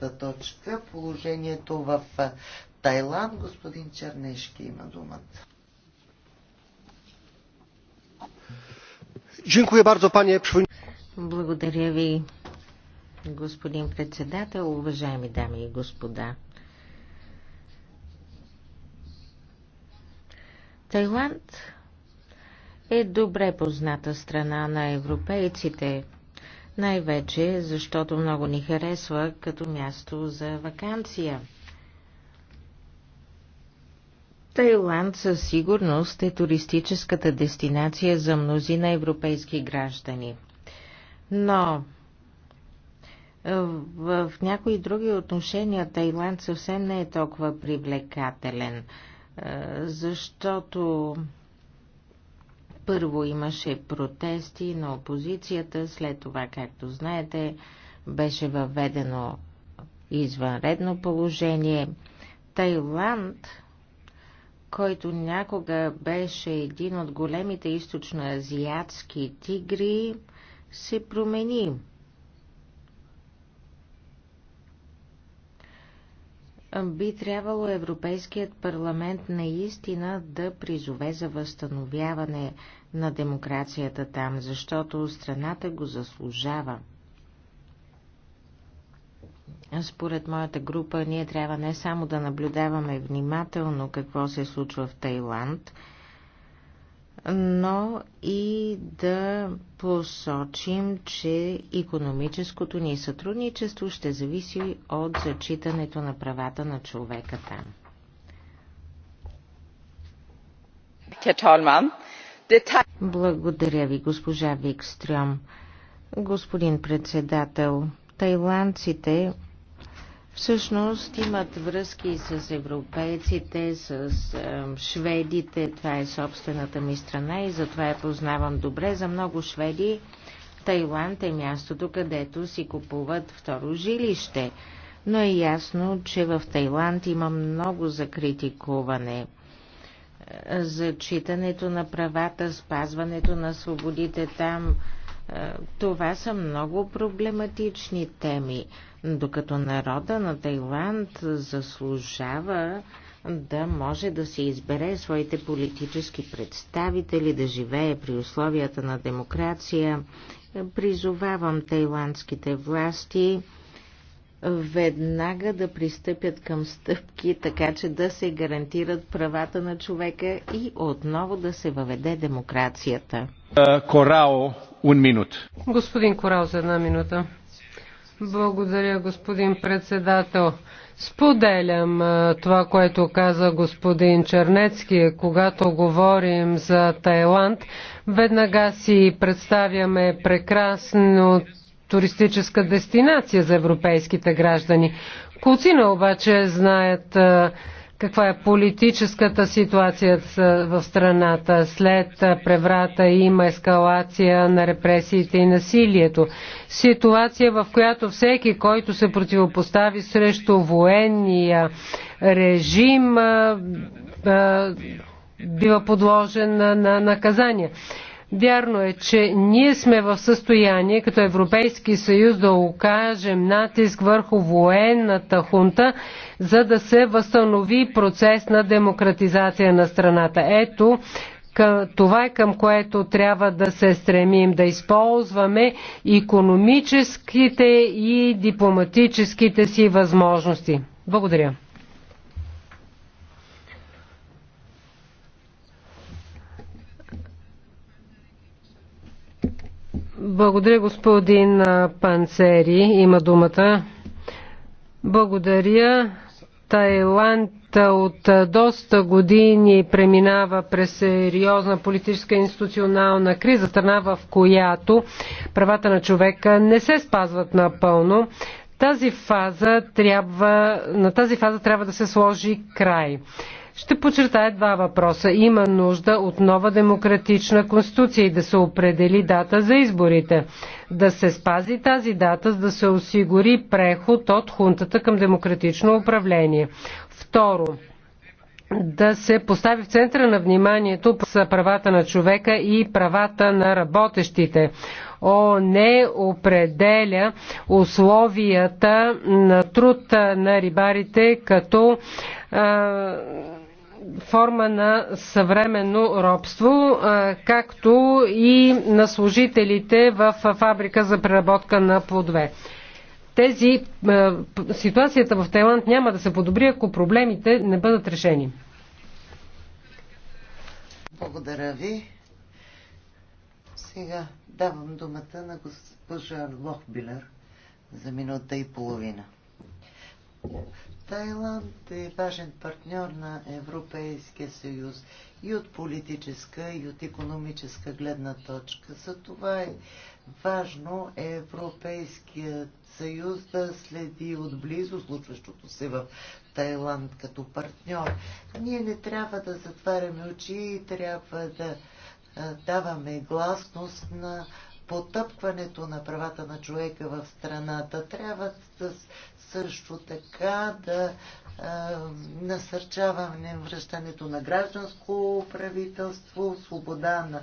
четвърта точка положението в Тайланд. Господин Чернешки има думата. Благодаря ви, господин председател, уважаеми дами и господа. Тайланд е добре позната страна на европейците – най-вече защото много ни харесва като място за вакансия. Тайланд със сигурност е туристическата дестинация за мнозина европейски граждани. Но в някои други отношения Тайланд съвсем не е толкова привлекателен, защото първо имаше протести на опозицията, след това, както знаете, беше въведено извънредно положение. Тайланд, който някога беше един от големите източноазиатски тигри, се промени би трябвало Европейският парламент наистина да призове за възстановяване на демокрацията там, защото страната го заслужава. Според моята група ние трябва не само да наблюдаваме внимателно какво се случва в Тайланд, но и да посочим, че економическото ни сътрудничество ще зависи от зачитането на правата на човека там. Благодаря ви, госпожа Викстрем. Господин председател, тайландците всъщност имат връзки с европейците, с шведите. Това е собствената ми страна и затова я познавам добре. За много шведи Тайланд е мястото, където си купуват второ жилище. Но е ясно, че в Тайланд има много закритикуване е, зачитането на правата, спазването на свободите там. Е, това са много проблематични теми докато народа на Тайланд заслужава да може да се избере своите политически представители, да живее при условията на демокрация. Призовавам тайландските власти веднага да пристъпят към стъпки, така че да се гарантират правата на човека и отново да се въведе демокрацията. Е, Корао, uh, минут. Господин Корао, за една минута. Благодаря, господин председател. Споделям това, което каза господин Чернецки. Когато говорим за Тайланд, веднага си представяме прекрасно туристическа дестинация за европейските граждани. Куцина обаче знаят каква е политическата ситуация в страната. След преврата има ескалация на репресиите и насилието. Ситуация, в която всеки, който се противопостави срещу военния режим, бива подложен на наказания. Вярно е, че ние сме в състояние като Европейски съюз да окажем натиск върху военната хунта, за да се възстанови процес на демократизация на страната. Ето, това е към което трябва да се стремим да използваме економическите и дипломатическите си възможности. Благодаря. Благодаря, господин Панцери. Има думата. Благодаря. Тайланд от доста години преминава през сериозна политическа и институционална криза, страна в която правата на човека не се спазват напълно. Тази фаза трябва, на тази фаза трябва да се сложи край. Ще подчертая два въпроса. Има нужда от нова демократична конституция и да се определи дата за изборите. Да се спази тази дата, за да се осигури преход от хунтата към демократично управление. Второ, да се постави в центъра на вниманието с правата на човека и правата на работещите. О, не определя условията на труд на рибарите като а, форма на съвременно робство, както и на служителите в фабрика за преработка на плодове. Тези, ситуацията в Тайланд няма да се подобри, ако проблемите не бъдат решени. Благодаря ви. Сега давам думата на госпожа Лохбилер за минута и половина. Тайланд е важен партньор на Европейския съюз и от политическа, и от економическа гледна точка. За това е важно Европейският съюз да следи отблизо случващото се в Тайланд като партньор. Ние не трябва да затваряме очи и трябва да даваме гласност на потъпкването на правата на човека в страната. Трябва също така да насърчаваме, връщането на гражданско правителство, свобода на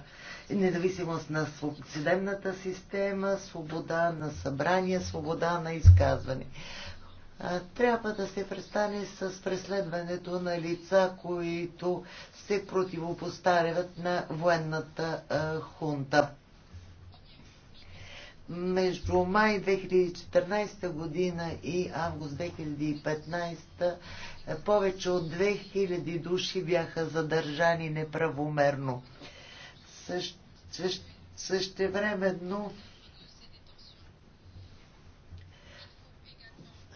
независимост на съдебната система, свобода на събрание, свобода на изказване. Трябва да се престане с преследването на лица, които се противопоставят на военната хунта между май 2014 година и август 2015 е, повече от 2000 души бяха задържани неправомерно. Също, също, същевременно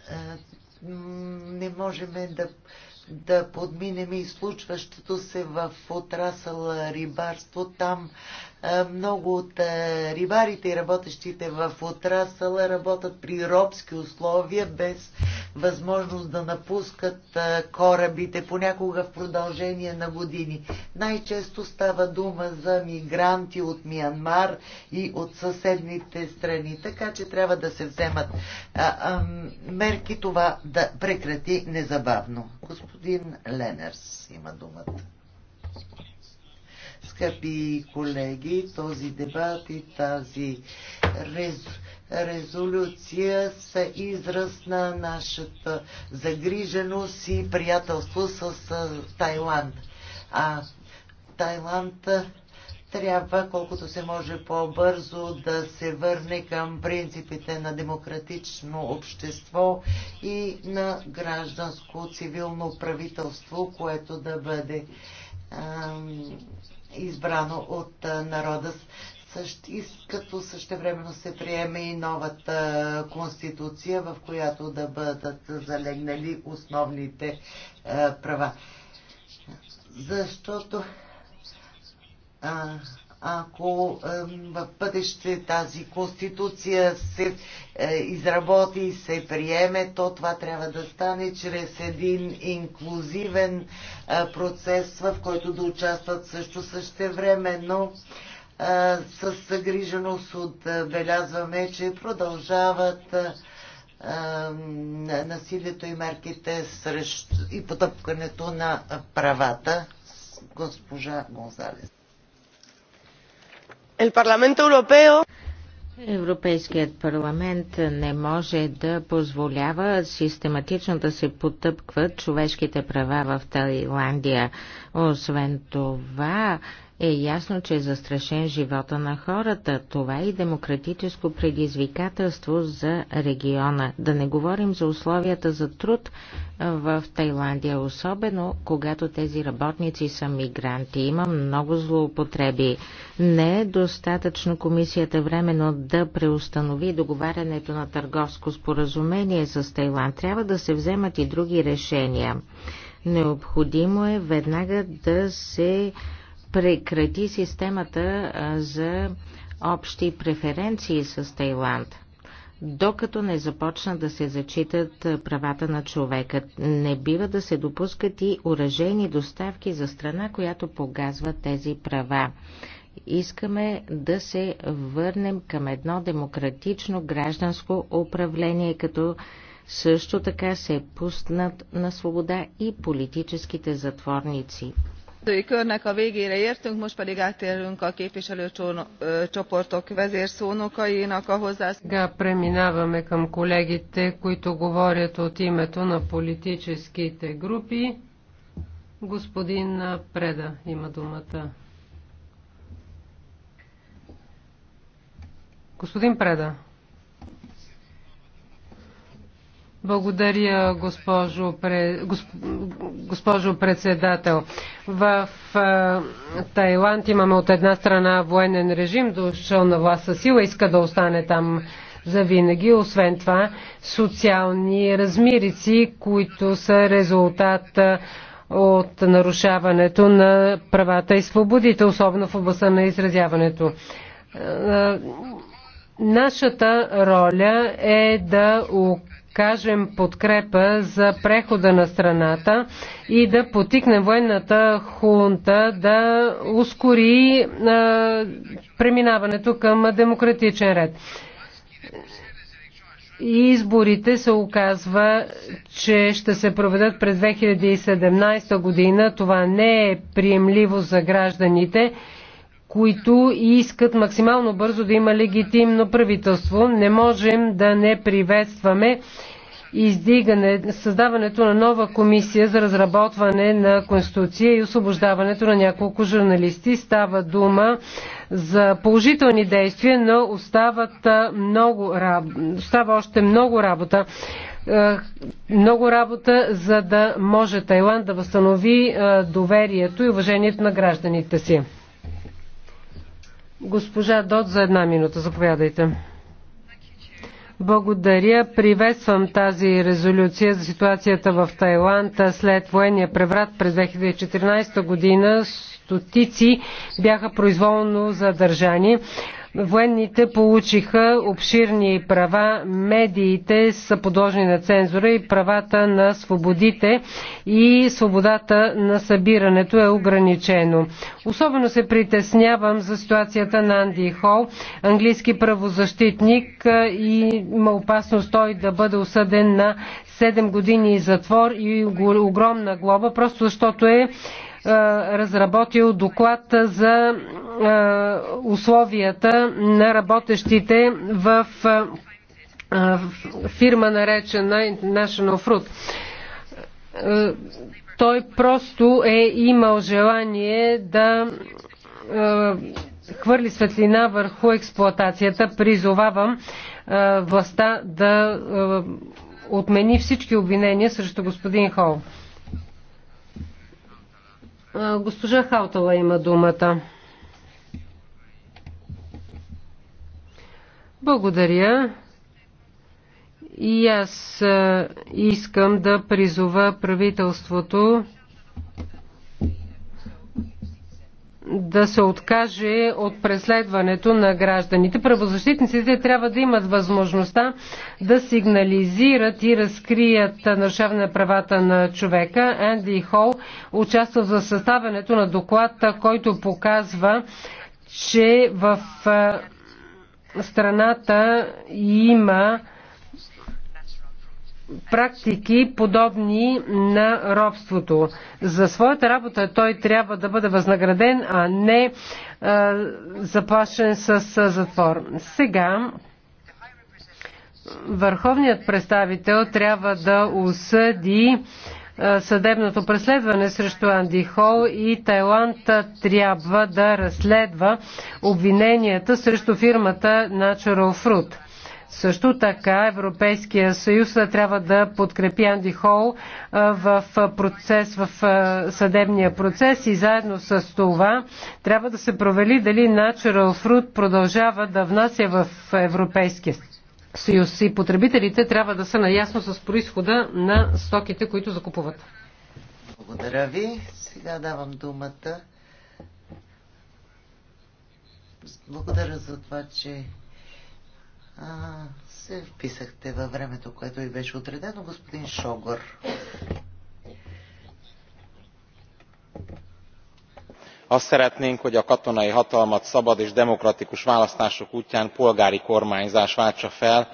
е, не можем да, да подминем и случващото се в отрасъл рибарство. Там много от рибарите и работещите в отрасъла работят при робски условия, без възможност да напускат корабите, понякога в продължение на години. Най-често става дума за мигранти от Миянмар и от съседните страни, така че трябва да се вземат мерки това да прекрати незабавно. Господин Ленерс има думата. Скъпи колеги, този дебат и тази рез, резолюция са израз на нашата загриженост и приятелство с Тайланд. А Тайланд трябва колкото се може по-бързо да се върне към принципите на демократично общество и на гражданско цивилно правителство, което да бъде ам, избрано от народа и като същевременно се приеме и новата конституция, в която да бъдат залегнали основните права. Защото ако в бъдеще тази конституция се е, изработи и се приеме, то това трябва да стане чрез един инклюзивен е, процес, в който да участват също същевременно. Е, С загриженост отбелязваме, че продължават насилието и мерките срещу и потъпкането на правата госпожа Гонзалес. Европейският парламент не може да позволява систематично да се потъпкват човешките права в Тайландия. Освен това, е ясно, че е застрашен живота на хората. Това е и демократическо предизвикателство за региона. Да не говорим за условията за труд в Тайландия, особено когато тези работници са мигранти. Има много злоупотреби. Не е достатъчно комисията временно да преустанови договарянето на търговско споразумение с Тайланд. Трябва да се вземат и други решения. Необходимо е веднага да се прекрати системата за общи преференции с Тайланд, докато не започнат да се зачитат правата на човека. Не бива да се допускат и уражени доставки за страна, която погазва тези права. Искаме да се върнем към едно демократично гражданско управление, като също така се пуснат на свобода и политическите затворници képviselői körnek a végére értünk most pedig áttérünk a képviselőcsoportok vezérszónokainak a hozzászólásokra. преминаваме към колегите, които говорят от името на политическите групи. Господин Преда има думата. Господин Преда. Благодаря, госпожо, госпожо председател. В Тайланд имаме от една страна военен режим, дошъл на власт със сила, иска да остане там за винаги. Освен това, социални размирици, които са резултат от нарушаването на правата и свободите, особено в областта на изразяването. Нашата роля е да кажем подкрепа за прехода на страната и да потикнем военната хунта да ускори преминаването към демократичен ред. И изборите се оказва, че ще се проведат през 2017 година. Това не е приемливо за гражданите които искат максимално бързо да има легитимно правителство. Не можем да не приветстваме издигане, създаването на нова комисия за разработване на Конституция и освобождаването на няколко журналисти. Става дума за положителни действия, но остават много, остава още много работа. Много работа, за да може Тайланд да възстанови доверието и уважението на гражданите си. Госпожа Дот за една минута. Заповядайте. Благодаря. Приветствам тази резолюция за ситуацията в Тайланд след военния преврат през 2014 година. Стотици бяха произволно задържани. Военните получиха обширни права, медиите са подложени на цензура и правата на свободите и свободата на събирането е ограничено. Особено се притеснявам за ситуацията на Анди Хол, английски правозащитник и има опасност той да бъде осъден на 7 години затвор и огромна глоба, просто защото е е, разработил доклад за е, условията на работещите в е, фирма наречена International Fruit. Той просто е имал желание да хвърли светлина върху експлоатацията. Призовавам властта да отмени всички обвинения срещу господин Хол. Госпожа Хаутала има думата. Благодаря. И аз искам да призова правителството да се откаже от преследването на гражданите. Правозащитниците трябва да имат възможността да сигнализират и разкрият нарушаване на правата на човека. Анди Хол участва за съставянето на доклад, който показва, че в страната има практики, подобни на робството. За своята работа той трябва да бъде възнаграден, а не а, заплашен с затвор. Сега върховният представител трябва да осъди съдебното преследване срещу Анди Хол и Тайланд трябва да разследва обвиненията срещу фирмата Natural Fruit. Също така Европейския съюз трябва да подкрепи Анди Хол в, процес, в съдебния процес и заедно с това трябва да се провели дали Natural Fruit продължава да внася в Европейския съюз и потребителите трябва да са наясно с происхода на стоките, които закупуват. Благодаря ви. Сега давам думата. Благодаря за това, че се вписахте във времето, което ви беше отредено, господин Шогор. azt szeretnénk hogy a katonai hatalmat szabad és demokratikus választások útján polgári kormányzás váltsa fel.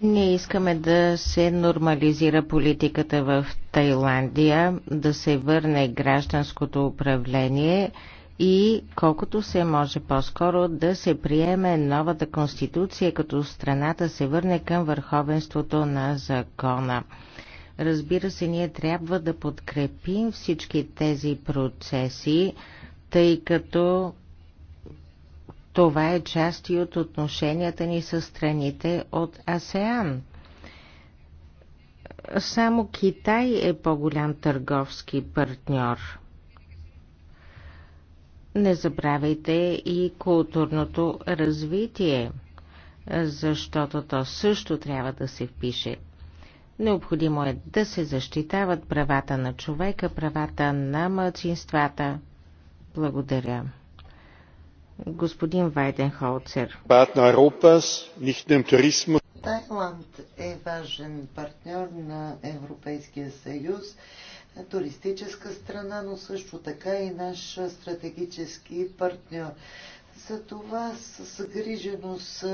Ние искаме да се нормализира политиката в Тайландия, да се върне гражданското управление и колкото се може по-скоро да се приеме новата конституция, като страната се върне към върховенството на закона. Разбира се, ние трябва да подкрепим всички тези процеси, тъй като това е част и от отношенията ни с страните от АСЕАН. Само Китай е по-голям търговски партньор. Не забравяйте и културното развитие, защото то също трябва да се впише. Необходимо е да се защитават правата на човека, правата на мълцинствата. Благодаря. Господин Вайденхолцер. Тайланд е важен партньор на Европейския съюз туристическа страна, но също така и наш стратегически партньор. За това с загриженост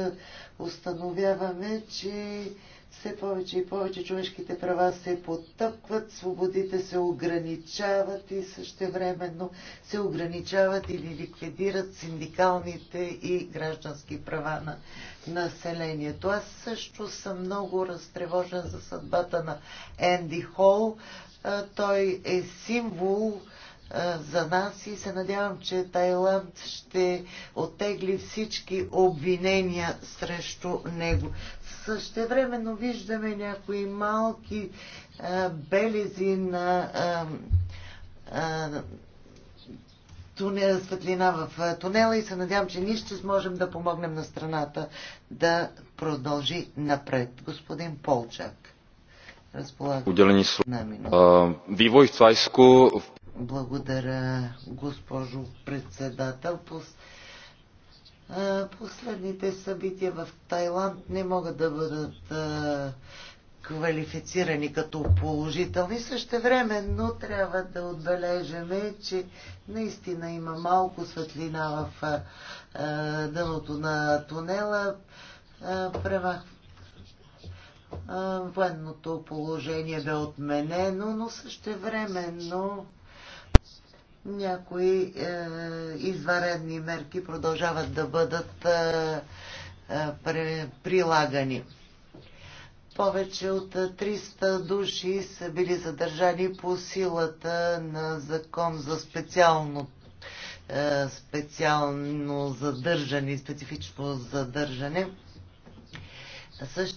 установяваме, че все повече и повече човешките права се потъпкват, свободите се ограничават и същевременно се ограничават или ликвидират синдикалните и граждански права на населението. Аз също съм много разтревожен за съдбата на Енди Хол. Той е символ за нас и се надявам, че Тайланд ще отегли всички обвинения срещу него. Същевременно виждаме някои малки а, белези на а, а, тунел, светлина в тунела и се надявам, че ние ще сможем да помогнем на страната да продължи напред. Господин Полчак. Разполага. Отделени с... Вивой и Цайско. Благодаря, госпожо председател. Последните събития в Тайланд не могат да бъдат квалифицирани като положителни. Същевременно трябва да отбележаме, че наистина има малко светлина в дъното на тунела. Премах... Военното положение бе отменено, но също но някои е, изваредни мерки продължават да бъдат е, е, прилагани. Повече от 300 души са били задържани по силата на закон за специално, е, специално задържане, специфично задържане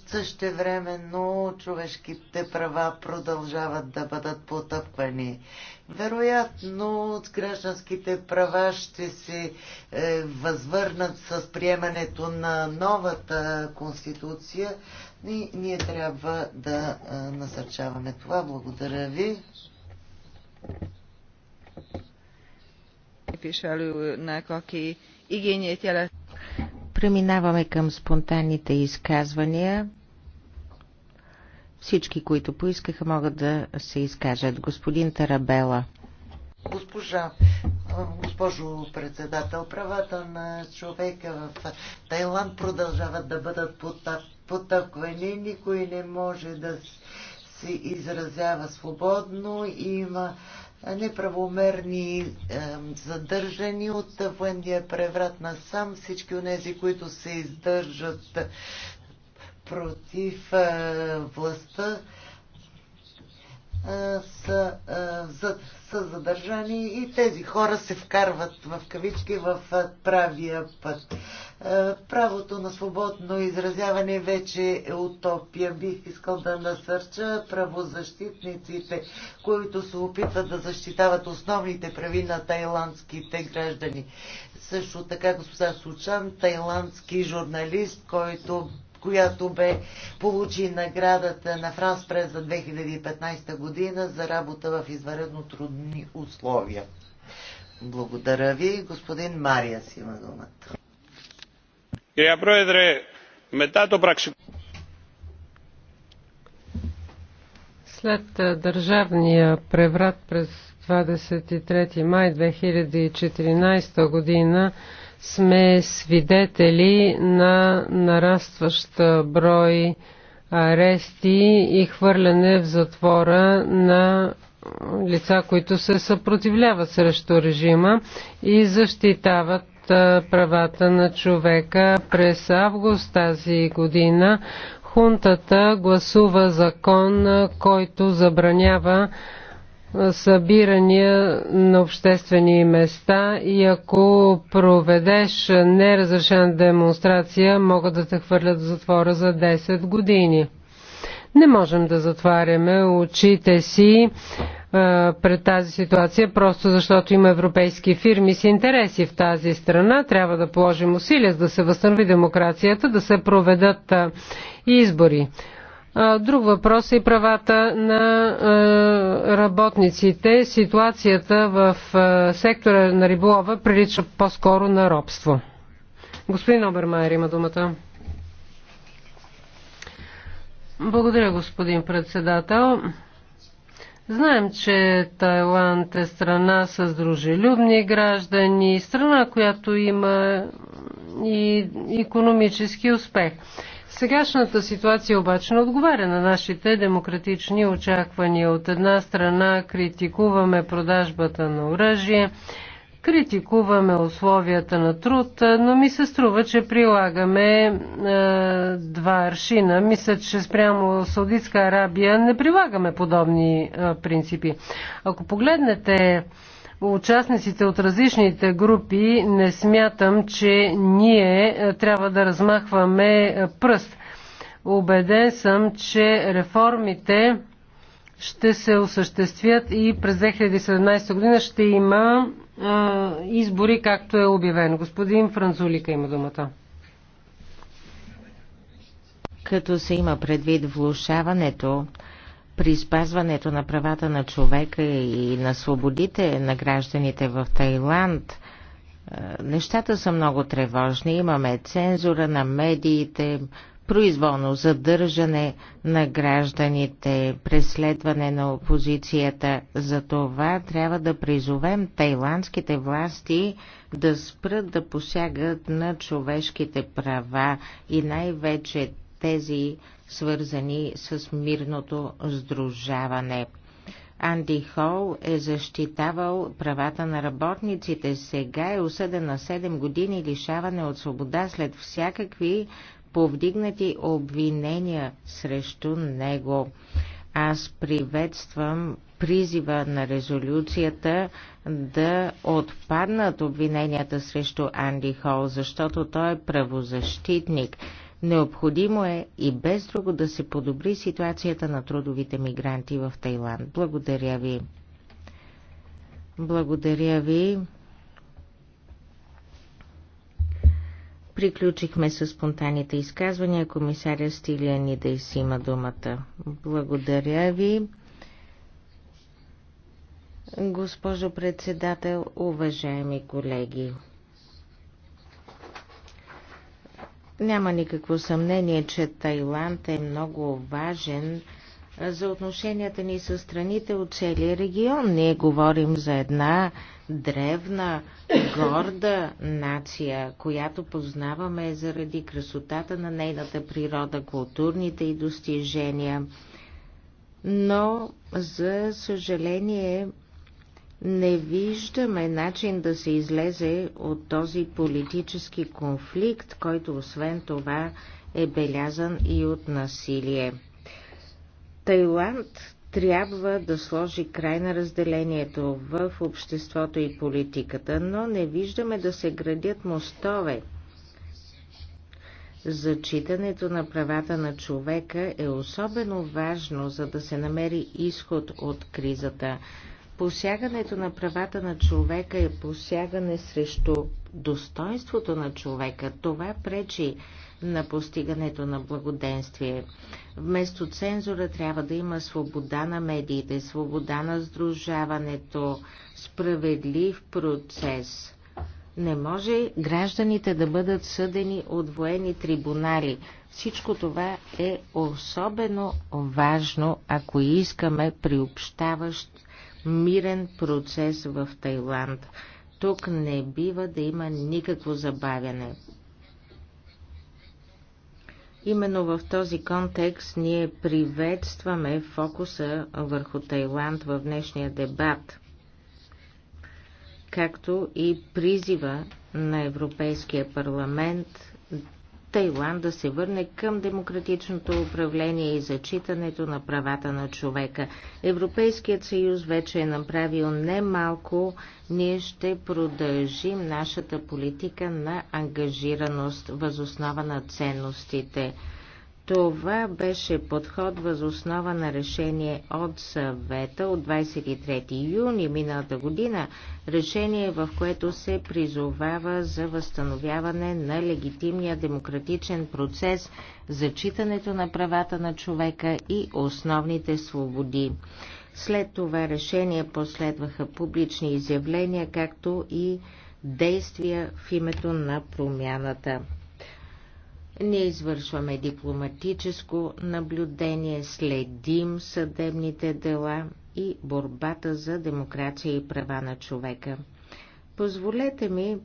същевременно човешките права продължават да бъдат потъпвани. Вероятно, от гражданските права ще се е, възвърнат с приемането на новата конституция и ние трябва да е, насърчаваме това. Благодаря ви. Képviselőnek, aki igényét jelent. Преминаваме към спонтанните изказвания. Всички, които поискаха, могат да се изкажат. Господин Тарабела. Госпожа, госпожо председател, правата на човека в Тайланд продължават да бъдат потъквани. Никой не може да се изразява свободно. Има неправомерни задържани от военния преврат на сам всички тези, които се издържат против е, властта са, са, са задържани и тези хора се вкарват в кавички в правия път. Правото на свободно изразяване вече е утопия. Бих искал да насърча правозащитниците, които се опитват да защитават основните прави на тайландските граждани. Също така госпожа Сучан, тайландски журналист, който която бе получи наградата на Франс Прес за 2015 година за работа в извънредно трудни условия. Благодаря ви. Господин Мария има думата. Κυρία Πρόεδρε, μετά το След държавния преврат през 23 май 2014 година сме свидетели на нарастващ брой арести и хвърляне в затвора на лица, които се съпротивляват срещу режима и защитават правата на човека. През август тази година хунтата гласува закон, който забранява събирания на обществени места и ако проведеш неразрешена демонстрация, могат да те хвърлят в затвора за 10 години. Не можем да затваряме очите си а, пред тази ситуация, просто защото има европейски фирми с интереси в тази страна. Трябва да положим усилия за да се възстанови демокрацията, да се проведат а, избори. Друг въпрос е правата на работниците. Ситуацията в сектора на риболова прилича по-скоро на робство. Господин Обермайер има думата. Благодаря, господин председател. Знаем, че Тайланд е страна с дружелюбни граждани, страна, която има и економически успех. Сегашната ситуация обаче не отговаря на нашите демократични очаквания. От една страна критикуваме продажбата на оръжие, критикуваме условията на труд, но ми се струва, че прилагаме е, два аршина. Мисля, че спрямо Саудитска Арабия не прилагаме подобни е, принципи. Ако погледнете участниците от различните групи, не смятам, че ние е, трябва да размахваме е, пръст. Обеден съм, че реформите ще се осъществят и през 2017 година ще има а, е, избори, както е обявено. Господин Франзулика има думата. Като се има предвид влушаването при спазването на правата на човека и на свободите на гражданите в Тайланд, е, нещата са много тревожни. Имаме цензура на медиите, произволно задържане на гражданите, преследване на опозицията. За това трябва да призовем тайландските власти да спрат да посягат на човешките права и най-вече тези свързани с мирното сдружаване. Анди Хол е защитавал правата на работниците. Сега е осъден на 7 години лишаване от свобода след всякакви повдигнати обвинения срещу него. Аз приветствам призива на резолюцията да отпаднат обвиненията срещу Анди Хол, защото той е правозащитник. Необходимо е и без друго да се подобри ситуацията на трудовите мигранти в Тайланд. Благодаря ви. Благодаря ви. Приключихме с спонтанните изказвания. Комисаря ни да изсима думата. Благодаря ви. Госпожо председател, уважаеми колеги. Няма никакво съмнение, че Тайланд е много важен за отношенията ни с страните от целия регион. Ние говорим за една древна, горда нация, която познаваме заради красотата на нейната природа, културните и достижения. Но, за съжаление, не виждаме начин да се излезе от този политически конфликт, който освен това е белязан и от насилие. Тайланд трябва да сложи край на разделението в обществото и политиката, но не виждаме да се градят мостове. Зачитането на правата на човека е особено важно, за да се намери изход от кризата. Посягането на правата на човека е посягане срещу достоинството на човека. Това пречи на постигането на благоденствие. Вместо цензура трябва да има свобода на медиите, свобода на сдружаването, справедлив процес. Не може гражданите да бъдат съдени от военни трибунали. Всичко това е особено важно, ако искаме приобщаващ мирен процес в Тайланд. Тук не бива да има никакво забавяне. Именно в този контекст ние приветстваме фокуса върху Тайланд в днешния дебат, както и призива на Европейския парламент Тайланд да се върне към демократичното управление и зачитането на правата на човека. Европейският съюз вече е направил немалко. Ние ще продължим нашата политика на ангажираност възоснова на ценностите. Това беше подход въз основа на решение от съвета от 23 юни миналата година, решение в което се призовава за възстановяване на легитимния демократичен процес, зачитането на правата на човека и основните свободи. След това решение последваха публични изявления, както и действия в името на промяната. Ние извършваме дипломатическо наблюдение, следим съдебните дела и борбата за демокрация и права на човека. Позволете ми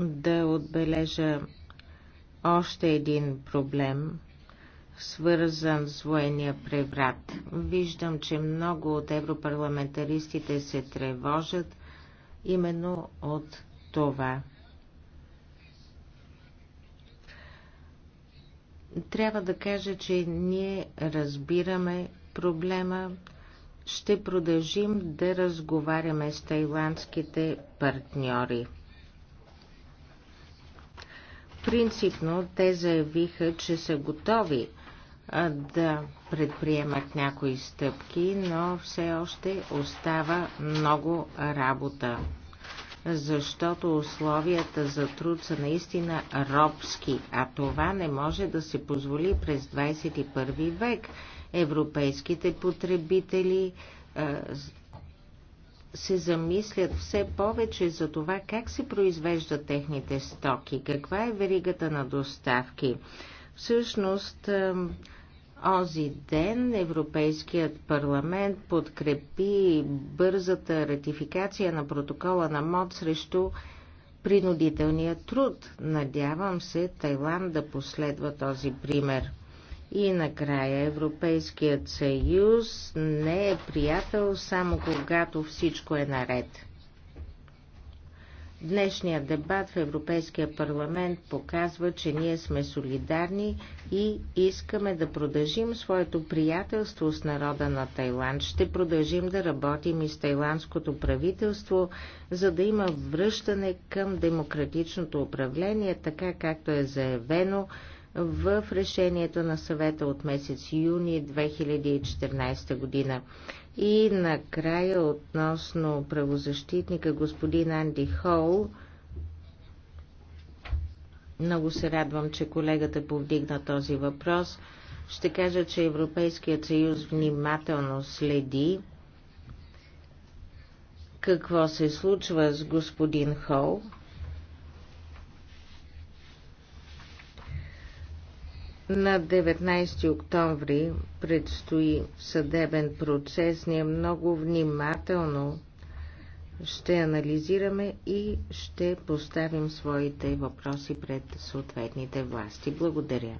да отбележа още един проблем, свързан с военния преврат. Виждам, че много от европарламентаристите се тревожат именно от това. Трябва да кажа, че ние разбираме проблема, ще продължим да разговаряме с тайландските партньори. Принципно те заявиха, че са готови да предприемат някои стъпки, но все още остава много работа защото условията за труд са наистина робски, а това не може да се позволи през 21 век. Европейските потребители се замислят все повече за това как се произвеждат техните стоки, каква е веригата на доставки. Всъщност, Ози ден Европейският парламент подкрепи бързата ратификация на протокола на МОД срещу принудителния труд. Надявам се Тайланд да последва този пример. И накрая Европейският съюз не е приятел само когато всичко е наред. Днешния дебат в Европейския парламент показва, че ние сме солидарни и искаме да продължим своето приятелство с народа на Тайланд. Ще продължим да работим и с тайландското правителство, за да има връщане към демократичното управление, така както е заявено в решението на съвета от месец юни 2014 година. И накрая относно правозащитника господин Анди Хол, много се радвам, че колегата повдигна този въпрос. Ще кажа, че Европейският съюз внимателно следи какво се случва с господин Хол, На 19 октомври предстои съдебен процес. Ние много внимателно ще анализираме и ще поставим своите въпроси пред съответните власти. Благодаря.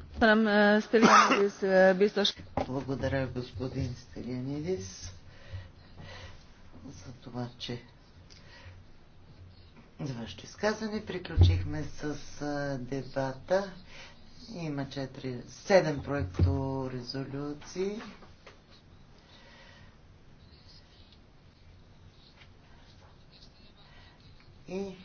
Благодаря, господин Стелянидис, за това, че за вашето изказване приключихме с дебата. Има 4, 7 проекто резолюции. И